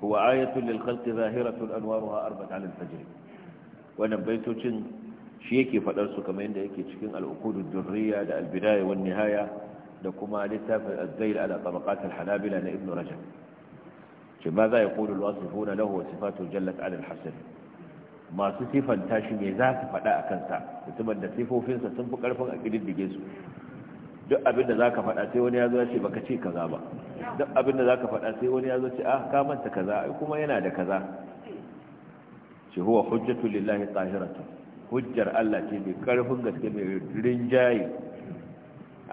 S1: هو آية للخلق ظاهرة أنوارها أربت على الفجر wannan baitocin shi yake fadar su kamar yadda yake cikin al-uqud ad-durriya da al-bidaya wan nihaya da kuma littafin az-zail ala tabaqat al na ibn rajab ce ma za yaqulu al-wasifuna lahu wa sifatu jallat ala al-hasan masu sifanta shi me za su fada a kansa? mutumin da sifofinsa sun fi karfin a kididdige su duk abinda za ka faɗa sai wani ya zo ce baka ce kaza ba duk abinda za ka faɗa sai wani ya zo ce a ah, ka manta kaza kuma yana da kaza ce huwa hujjatu lillahi qahiratu hujjar Allah ce mai karfin gaske mai rinjaye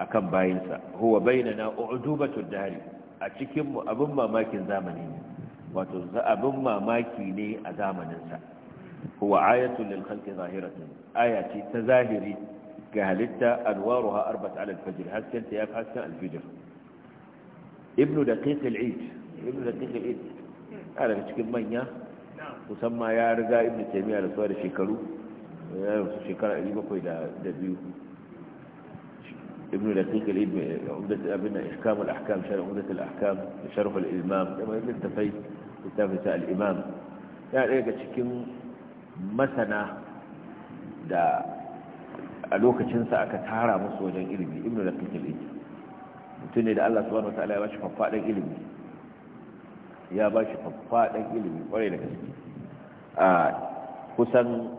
S1: akan bayinsa huwa bainana u'dubatu dari a cikin mu abin mamakin zamani ne wato abin mamaki ne a zamanin sa huwa ayatu lil khalqi zahiratun aya ce ta zahiri ga halitta anwaruha arbat ala al-fajr hasken ta ya hasken al-fajr ibnu daqiq al-eid ibnu daqiq al-eid ana cikin manya musamman ya riga ibn taymiya da suwa da shekaru ya rasu shekara 702 ibn daqiq al-ibn umdat abin ihkam al-ahkam sharh umdat al-ahkam sharh al-imam kama ibn tafai tafsir al-imam ya daga cikin masana da a lokacinsa aka tara musu wajen ilimi ibn daqiq al-ibn mutum ne da Allah subhanahu wataala ya shi faffadan ilimi ya ba shi faffadan ilimi kwarai da gaske a kusan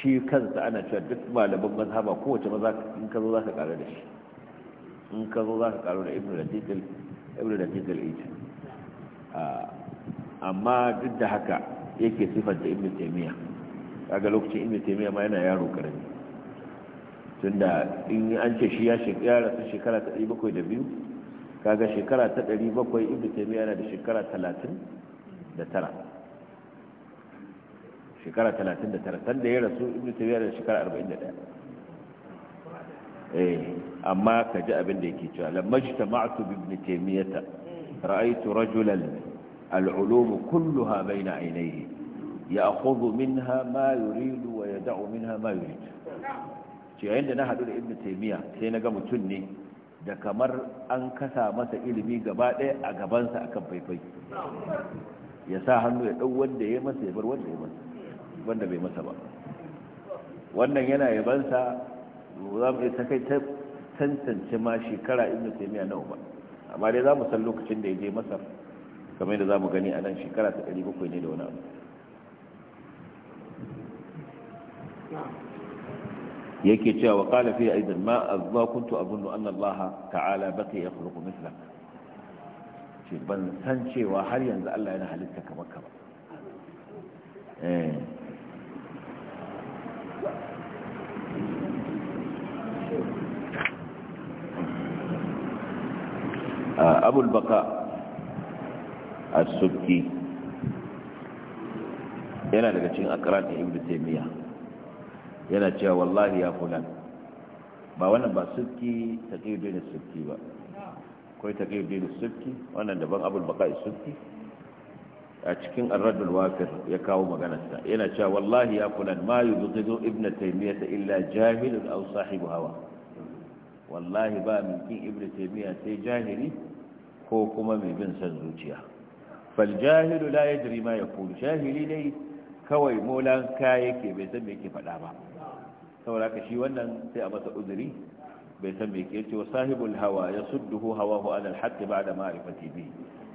S1: shi kansa ana cewa duk malaman mazhaba kowace maza in ka zo za ka karu da shi in ka zo za ka karu da ibn latifil ibn latifil ita amma duk da haka yake sifar da ibn taymiya kaga lokacin ibn taymiya ma yana yaro karami tunda in an ce shi ya shekara ta shekara ta 702 kaga shekara ta 700 ibn taymiya yana da shekara 39 shekara 39 sanda ya rasu ibnu taymiya da shekara 41 eh amma ka ji abin da yake cewa lamma jitama'tu bi ibnu taymiyata ra'aytu rajulan al'ulum kulluha bayna aynayhi ya'khudhu minha ma yuridu wa yad'u minha ma yuridu ce yayin da na hadu da ibnu taymiya sai na ga mutun ne da kamar an kasa masa ilimi gaba ɗaya a gabansa akan faifai ya sa hannu ya ɗau wanda ya masa ya bar wanda ya masa wanda bai masa ba wannan yana yabansa za mu iya takai tantance ma shekara ibn miya nawa ba amma dai za mu san lokacin da ya je masar kamar yadda za mu gani a nan shekara ta ɗari bakwai ne da wani abu yake cewa wa qala fi aidan ma azza kuntu azunnu anna Allah ta'ala ba baqi yakhluqu mithlak ce ban san cewa har yanzu Allah yana halitta kamar ka ba eh. abul baka a suki yana daga cikin akratin ibnu taymiya yana cewa wallahi ya fulan ba wannan ba subki taqiyuddin suki ba koi taqiyuddin suki wannan daban abul baka suki. a cikin arradul wafir ya kawo maganarsa yana cewa wallahi ya kula ma yubghidu ibn taymiyah illa jahilun au sahibu hawa wallahi ba min kin ibn taymiyah sai jahili ko kuma mai bin san zuciya fal jahilu la yadri ma yaqulu jahili dai kawai molan kaya yake bai san me ke faɗa ba saboda ka shi wannan sai a masa uzuri bai san me ke ce wa sahibul hawa yasudduhu hawahu ala al ba ba'da ma'rifati bihi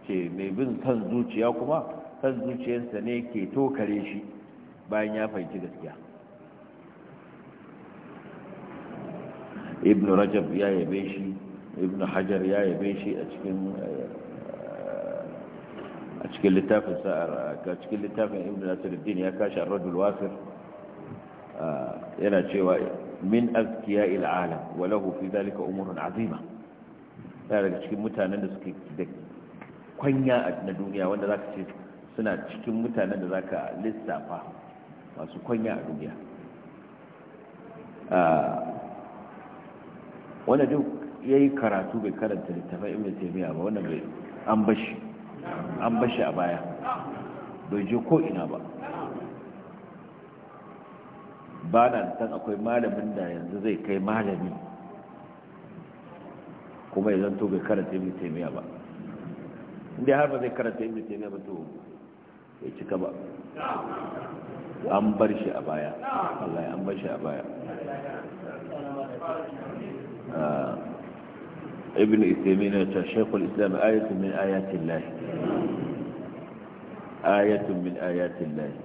S1: ce mai bin kan zuciya kuma kan zuciyarsa ne ke tokare shi bayan ya fahimci gaskiya ibn rajab ya yabe shi ibn hajar ya yabe shi a cikin eh, a cikin littafin a cikin littafin ibn nasiruddin ya kashi a rajul wasir eh, yana cewa min azkiya il walahu fi zalika umurun azima yana daga cikin mutanen da suke kwanya na duniya wanda za ka ce suna cikin mutanen da za ka lissafa masu kwanya a duniya wanda duk ya yi karatu bai karanta littafin imin taimiyya ba wanda bai an bashi bashi a baya bai je ko ina ba ba na san akwai malamin da yanzu zai kai malami kuma yanzu to bai karanta imin taimiyya ba inda har ba zai karanta ibn taymiya ba to bai cika ba an bar shi a baya wallahi an bar shi a baya ibn taymiya ta shaykhul islam ayatun min ayatin lahi ayatun min ayatin lahi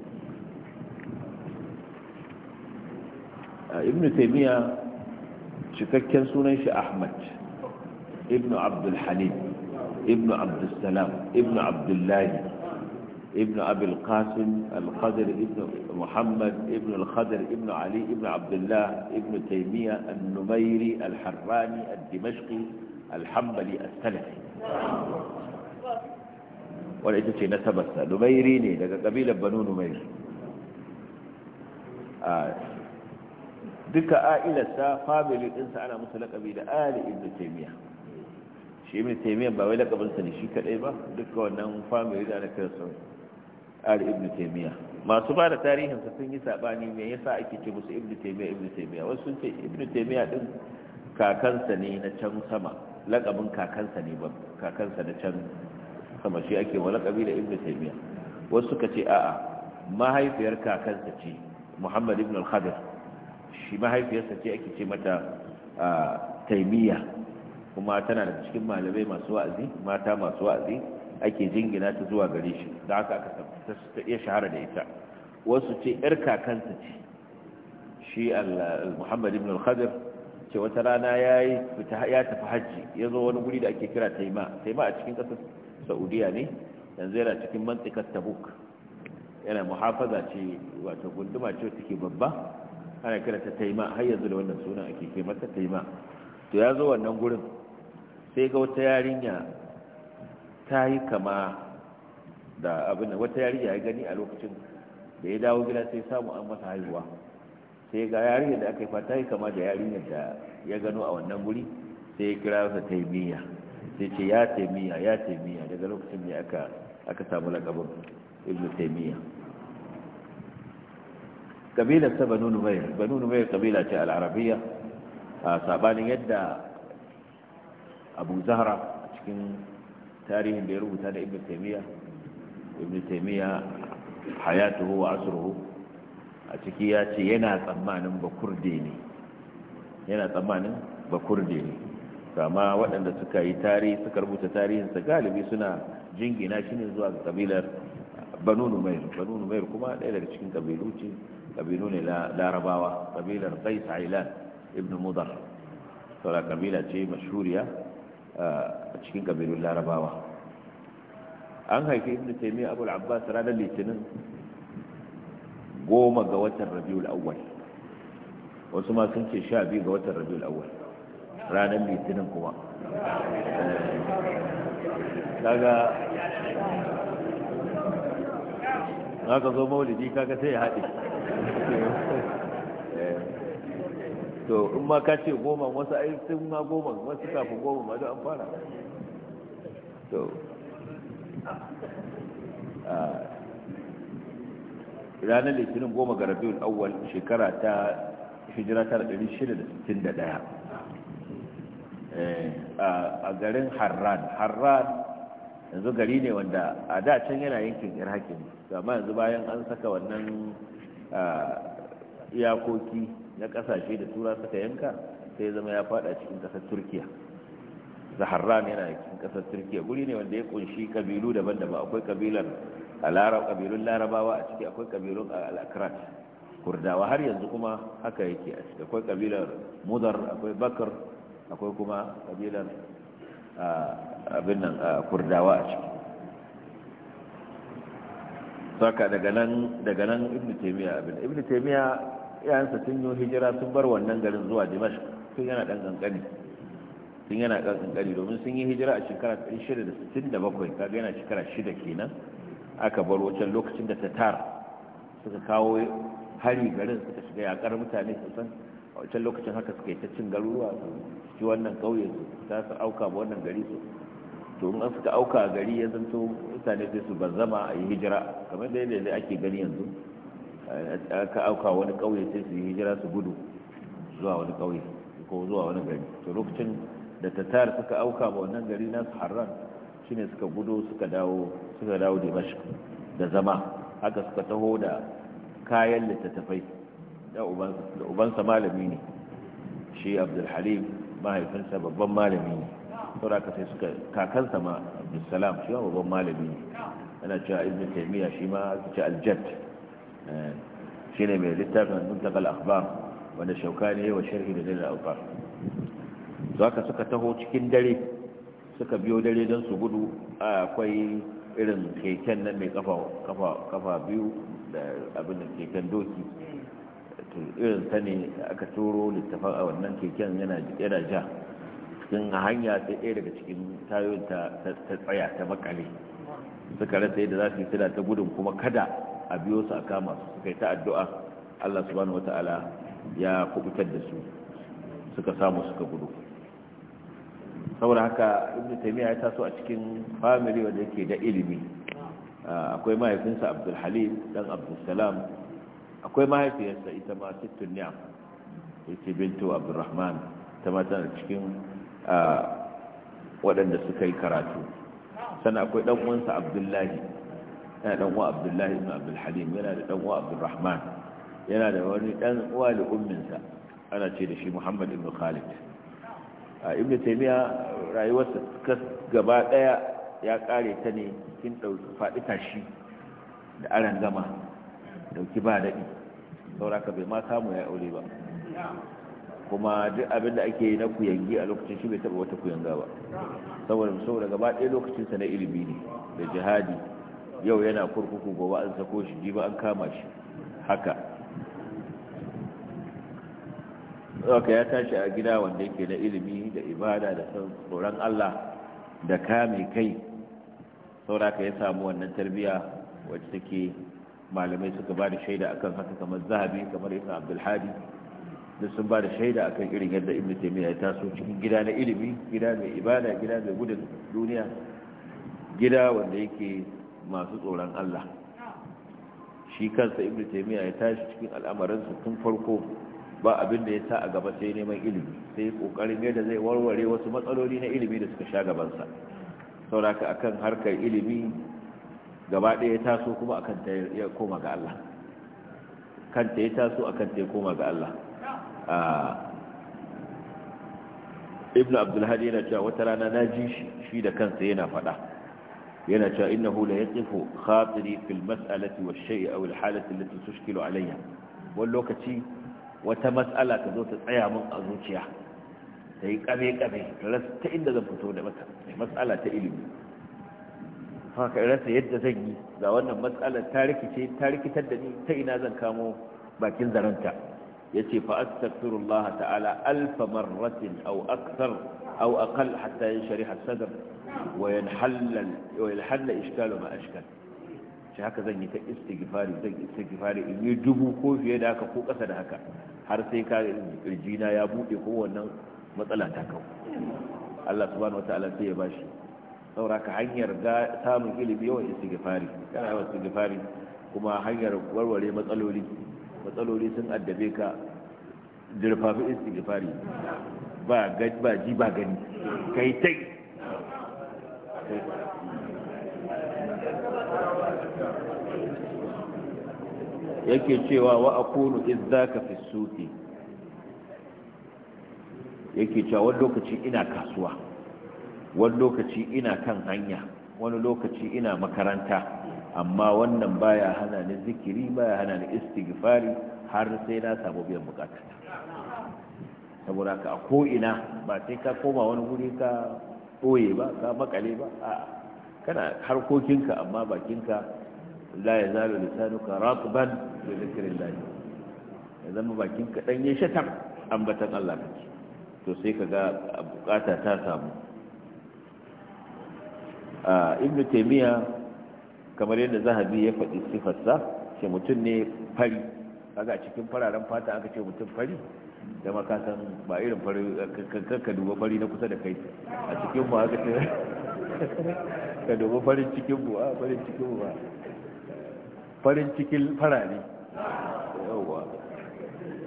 S1: ibn taymiya cikakken sunan shi ahmad ibn abdul halim ابن عبد السلام ابن عبد الله ابن أبي القاسم الخدر ابن محمد ابن الخدر ابن علي ابن عبد الله ابن تيمية النميري الحراني الدمشقي الحنبلي السلفي wanda ita ce nasabarsa لك قبيلة بنو نمير banu numairi duka a'ilarsa family مثل قبيلة آل ابن تيمية shi ibn taymiyyah ba wai lakabin sa ne shi kadai ba duka wannan family da aka san al ibn taymiyyah masu ba da tarihin sa sun yi sabani me yasa ake ce musu ibn taymiyyah ibn taymiyyah wasu sun ce ibn taymiyyah din kakansa ne na can sama lakabin kakansa ne ba kakansa na can sama shi ake wa lakabi da ibn taymiyyah wasu suka ce a'a mahaifiyar kakansa ce muhammad ibn al-khadir shi mahaifiyarsa ce ake ce mata ah, taimiyya kuma tana da cikin malamai masu wa'azi mata masu wa'azi ake jingina ta zuwa gare shi da haka aka ta iya shahara da ita wasu ce yar kakansa ce shi al-muhammad ibn al-khadir ce wata rana ya yi ya tafi hajji ya zo wani guri da ake kira taima taima a cikin ƙasar saudiya ne yanzu yana cikin mantikar tabuk yana muhafaza ce wato gunduma ce take babba ana kira ta taima har yanzu da wannan sunan ake ke mata taima to ya zo wannan gurin sai ga wata yarinya ta yi kama da abin wata yarinya ya gani a lokacin da ya dawo gida sai samu an masa haihuwa sai ga yarinya da aka yi fata yi kama da yarinya da ya gano a wannan guri sai ya kira masa taimiyya sai ce ya taimiyya ya taimiyya daga lokacin da aka aka samu lakabin ibnu taimiyya kabilar ta banu numayr banu numayr kabila ce al'arabiyya a sabanin yadda abu zahra a cikin tarihin da ya rubuta da ibn taimiyya ibn taimiyya hayatuhu wa asruhu a ciki ya ce yana tsammanin bakurde ne yana tsammanin bakurde ne kama waɗanda suka yi tarihi suka rubuta tarihinsa galibi suna jingina shi ne zuwa kabilar banu numair banu numair kuma ɗaya daga cikin kabilu ce kabilu ne larabawa kabilar qais ailan ibn mudar saura kabila ce mashuriya a cikin ƙabilun larabawa an haifi ibn taimiyya abu al'abbas ranar litinin goma ga watan rabiul awwal wasu ma sun ce sha biyu ga watan rabiul awwal ranar litinin kuma daga za ka zo maulidi kaga sai ya haɗe to in ma ka ce goma wasu ai sun ma goma wasu kafin goma ma an fara to ranar litinin goma ga rabiul awwal shekara ta hijira ta 1661 eh, a garin harran harran yanzu gari ne wanda a da can yana yankin irhakin amma yanzu bayan an saka wannan iyakoki na kasashe da tura suka yanka sai ya zama ya fada cikin kasar turkiya zaharran yana cikin kasar turkiya guri ne wanda ya kunshi kabilu daban-daban akwai kabilan kabilun larabawa a ciki akwai kabilun al'akrat kurdawa har yanzu kuma haka yake a ciki akwai kabilar mudar akwai bakar akwai kuma kabilar abinnan kurdawa a ciki saka daga nan ibn taimiyya abin ibn taimiyya yayansa sun yi hijira sun bar wannan garin zuwa dimashq sun yana dan kankani sun yana dan kankani domin sun yi hijira a shekara 1667 kaga yana shekara shida kenan aka bar wancan lokacin da tatar suka kawo hari garin suka shiga yakar mutane sosan a wancan lokacin haka suka yi ta cin garuruwa su ci wannan kauye su ta su auka ba wannan gari su to an suka auka gari ya zanto mutane sai su bazama a yi hijira kamar da yadda ake gani yanzu aka auka wani ƙauye sai su yi hijira su gudu zuwa wani ƙauye ko zuwa wani gari to lokacin da tatar suka auka ba wannan gari na harran shine suka gudu suka dawo suka dawo bashi da zama haka suka taho da kayan littattafai da ubansa malami ne shi halim mahaifinsa babban malami ne saboda sai suka kakansa ma abdulsalam shi babban malami ne ana cewa ibn taymiya shi ma aka ce aljad shine mai littafin muntakal akhbar wanda shaukani yayin wa sharhi da dalil al to aka suka taho cikin dare suka biyo dare don su gudu akwai irin keken nan mai kafa biyu da abin da keken doki irin ta ne aka turo littafan a wannan keken yana ja cikin hanya sai ɗaya daga cikin tayoyin ta tsaya ta makale suka rasa yadda za su yi suna ta gudun kuma kada a biyo su a kama su suka yi ta addu'a Allah subhanahu wata'ala ya kubutar da su suka samu suka gudu saboda haka ibn taymiya ya taso a cikin famili wanda yake da ilimi akwai mahaifinsa Abdul Halim dan Abdul Salam akwai mahaifiyarsa ita ma Sittun Ni'am yace bintu Abdul Rahman ta ma tana cikin ah, waɗanda suka yi karatu sannan akwai ɗan uwansa Abdullahi yana dan uwa abdullahi ibn abdul halim yana da dan uwa abdul rahman yana da wani dan uwa da sa ana ce da shi muhammad ibn khalid a ibn taymiya rayuwarsa gaba daya ya kare ta ne kin dauki fadi tashi da aran gama dauki ba dadi sauraka bai ma samu ya aure ba kuma duk abin da ake na kuyangi a lokacin shi bai taba wata kuyanga ba saboda saboda gaba ɗaya lokacinsa na ilimi ne da jihadi yau yana kurkuku gobe an sako shi jiba an kama shi haka haka ya tashi a gida wanda yake na ilimi da ibada da tsoron Allah da kame kai sauraka ya samu wannan tarbiya wacce take malamai suka ba da shaida akan haka kamar zahabi kamar Isa abdulhadi da sun ba da shaida akan irin yadda ibn taymiya ya taso cikin gida na ilimi gida mai ibada gida mai gudun duniya gida wanda yake masu tsoron Allah shi kansa ibn taymiya ya tashi cikin al'amarinsa tun farko ba abin da ya sa a gaba sai neman ilimi sai kokarin yadda zai warware wasu matsaloli na ilimi da suka sha gabansa sauraka akan harkar ilimi gaba ɗaya ya taso kuma akan ta ya koma ga Allah ta ya taso akan ta ya koma ga Allah ibnu abdulhadi yana cewa wata rana na ji shi da kansa yana faɗa yana cewa innahu la yaqifu khatiri fil mas'alati wash shay'i aw al halati allati tushkilu alayya wani lokaci wata mas'ala ta zo ta tsaya min a zuciya ta yi kame kame ta inda zan fito da mata mas'ala ta ilimi haka rasa yadda zan yi ga wannan matsalar ta rikice ta rikitar da ni ta ina zan kamo bakin zaranta yace fa astaghfirullah ta'ala alf marratin aw akthar أو أقل حتى ينشرح الصدر وينحل, وينحل إشكال ما أشكال shi haka zan yi ta istighfari zan istighfari in yi dubu ko fiye da haka ko ƙasa da haka har sai ka kirjina ya buɗe ko wannan matsala ta kawo Allah subhanahu wataala sai ya bashi saura ka hanyar ga samun ilimi yawan istighfari kana yawan istighfari kuma hanyar warware matsaloli matsaloli sun addabe ka dirfafi istighfari ba ji ba gani kai tai
S2: yake cewa
S1: wa za ka fi suqi yake cewa wani lokaci ina kasuwa wani lokaci ina kan hanya wani lokaci ina makaranta amma wannan baya hana ni zikiri baya hana ni istighfari har sai na samu biyan bukata saboda ka a ina ba sai ka koma wani guri ka ɓoye ba ka makale ba a kana harkokinka amma bakinka la ya zalo lisanuka ratban da zikirin lahi ya zama bakinka ɗan ya shatar ambatan Allah kake to sai ka ga bukata ta samu a ibnu taymiya kamar yadda zahabi ya faɗi sifarsa ce mutum ne fari kaga a cikin fararen fata aka ce mutum fari da san ba irin fari kankan duba fari na kusa da kai a cikin mu haka ce ka duba farin cikin mu a farin cikin mu ba farin cikin farare yawwa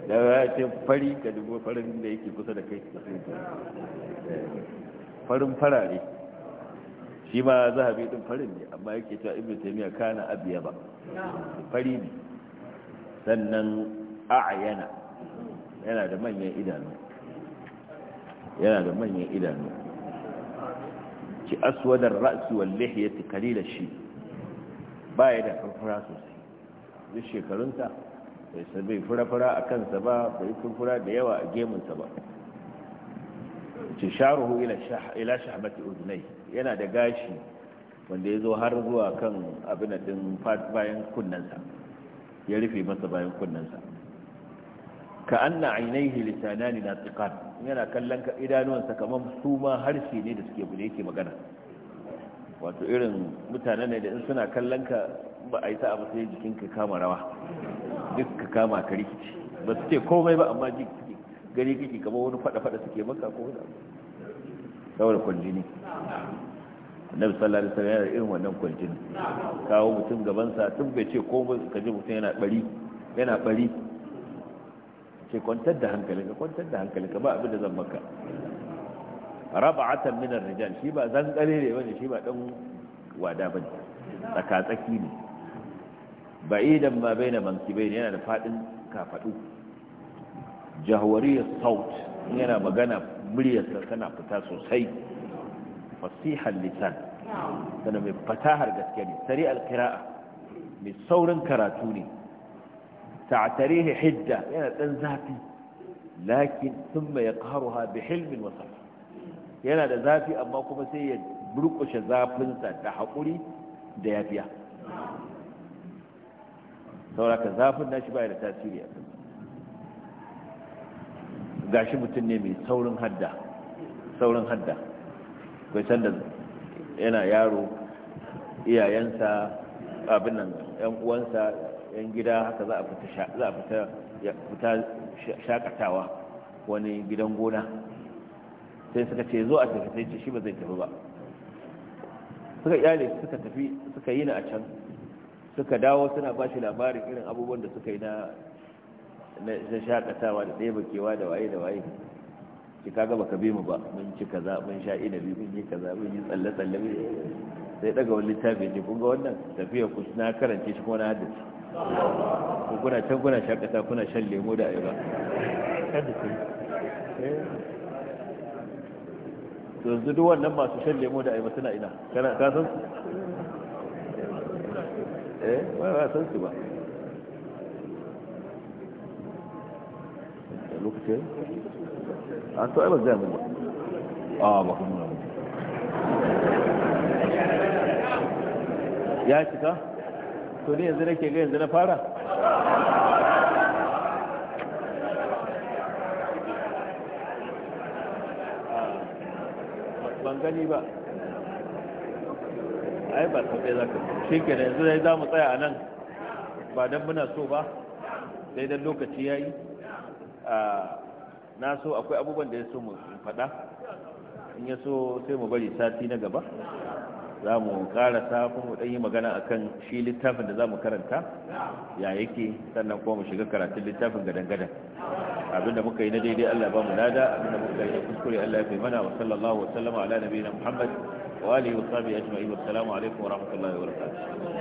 S1: da ya ce fari ka duba farin da yake kusa da kai farin farare shi ma zahabi din farin ne amma yake cewa ibnu taymiya kana abiya ba fari ne sannan a'yana yana da manyan idanu yana da manyan idanu ki aswadar ra'su wal lihyati qalila shi baya da furfura sosai duk shekarunta bai sabai furfura a kansa ba bai furfura da yawa a gemunsa ba ci sharuhu ila ila shahbati udunai yana da gashi wanda ya zo har zuwa kan abin da din bayan kunnensa ya rufe masa bayan kunnensa ka na ainihi lisanani na tsikar yana kallon ka idanuwansa kamar su ma harshe ne da suke bude yake magana wato irin mutane ne da in suna kallon ka ba a yi sa'a ba sai jikin ka kama rawa duk ka kama ka rikici ba su ce komai ba amma ji gani kiki kamar wani fada-fada suke maka ko wani abu saboda kwanjini na sallallahu alaihi wasallam yana irin wannan kwanjini kawo mutum gabansa tun bai ce komai ka ji mutum yana bari yana bari ce kwantar da ka kwantar da ka ba abin da zan maka raba'atan min ar-rijal shi ba zan tsare ne bane shi ba dan wada bane tsaka tsaki ne ba'idan ma baina mankibain yana da fadin kafadu jahwari saut yana magana muryarsa tana fita sosai fasihal lisan tana mai fatahar gaske ne sari al-qira'a mai saurin karatu ne تعتريه حدة يعني تنزافي لكن ثم يقهرها بحلم وصف yana da zafi amma kuma sai ya burkushe zafinsa da haƙuri da yafiya sauraka zafin nashi baya da tasiri a gashi mutum ne mai saurin hadda saurin hadda kai sanda yana yaro iyayensa abin nan yan uwansa yan gida haka za a fita shakatawa wani gidan gona sai suka ce zo a tafi sai ce shi ba zai tafi ba suka iyale suka tafi suka yi na a can suka dawo suna ba shi labarin irin abubuwan da suka yi na shakatawa da ɗaya bakewa da waye da waye ki kaga baka bi mu ba mun ci kaza mun sha ina bi mun yi kaza mun yi tsalle tsalle sai daga wani littafi ne kun ga wannan tafiya kusa na karance shi kuma na haddace ku kuna can kuna shakata kuna shan lemo da ayaba eh. to yanzu duk wannan masu shan lemo da ayaba suna ina kana ka san su
S2: eh ba ba san su ba
S1: lokacin a ah, to ai ba zai mu a ba ah, kuma ya cika to ne yanzu nake ga yanzu na fara ah, ban gani ba ai ba ɗaya za ka shi ke da yanzu za mu tsaya a nan ba don muna so ba sai don lokaci ya yi ah, na so akwai abubuwan da ya so mu faɗa in ya so sai mu bari sati na gaba za mu karasa ko mu yi magana akan shi littafin da za mu karanta ya yake sannan kuma mu shiga karatun littafin gadan-gadan abinda muka yi na daidai Allah ba mu nada abinda muka yi na kuskure Allah ya fi mana wa sallallahu wa sallama ala nabiyina Muhammad wa alihi wa sahbihi ajma'in wa salamu alaikum wa rahmatullahi wa barakatuh